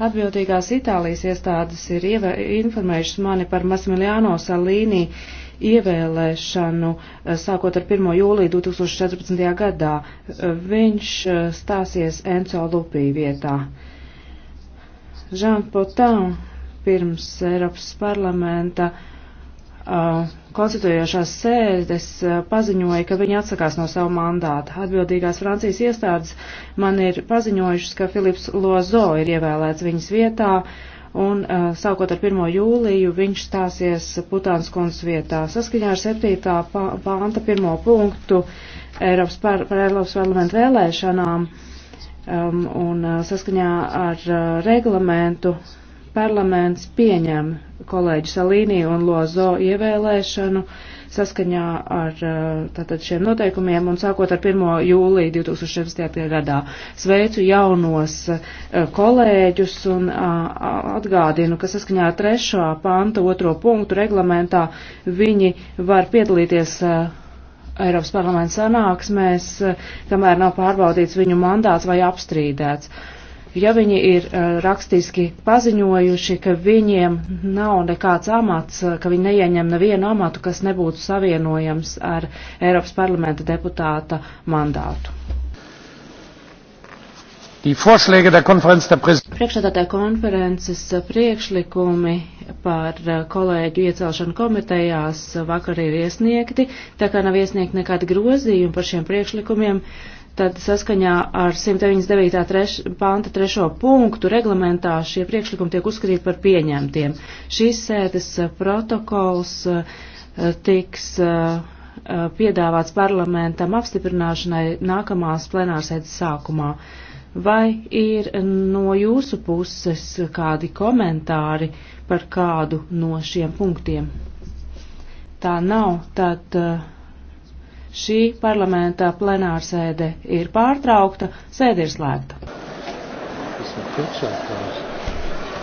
Atbildīgās Itālijas iestādes ir informējušas mani par Massimiliano Salīni ievēlēšanu eh, sākot ar 1. jūliju 2014. gadā. Eh, viņš eh, stāsies Enco Lupī vietā. Žan Potin pirms Eiropas parlamenta uh, Uh, konstituējošās sēdes uh, paziņoja, ka viņi atsakās no savu mandātu. Atbildīgās Francijas iestādes man ir paziņojušas, ka Filips Lozo ir ievēlēts viņas vietā, un uh, sākot ar 1. jūliju viņš stāsies Putāns kundzes vietā. Saskaņā ar 7. pānta 1. punktu Eiropas, par, par Eiropas parlamentu vēlēšanām um, un saskaņā ar reglamentu Parlaments pieņem kolēģi Salīnī un Lozo ievēlēšanu saskaņā ar uh, tātad šiem noteikumiem un sākot ar 1. jūliju 2016. gadā. Sveicu jaunos uh, kolēģus un uh, atgādinu, ka saskaņā ar 3. panta 2. punktu reglamentā viņi var piedalīties Eiropas parlamenta sanāksmēs, kamēr nav pārbaudīts viņu mandāts vai apstrīdēts ja viņi ir eh, rakstiski paziņojuši, ka viņiem nav nekāds amats, eh, ka viņi neieņem nevienu amatu, kas nebūtu savienojams ar Eiropas parlamenta deputāta mandātu. Priekšsēdētāja konferences priekšlikumi par eh, kolēģu iecelšanu komitejās vakar ir iesniegti, tā kā nav iesniegti nekādi grozījumi par šiem priekšlikumiem. Uh, tad saskaņā ar 199. Treš, panta trešo punktu reglamentā šie priekšlikumi tiek uzskatīti par pieņemtiem. Šīs sēdes eh, protokols eh, tiks eh, piedāvāts parlamentam apstiprināšanai nākamās plenārsēdes sākumā. Vai ir no jūsu puses kādi komentāri par kādu no šiem punktiem? Tā nav, tad uh, šī parlamenta plenārsēde ir pārtraukta, sēde ir slēgta. Tas ir priekšā tās.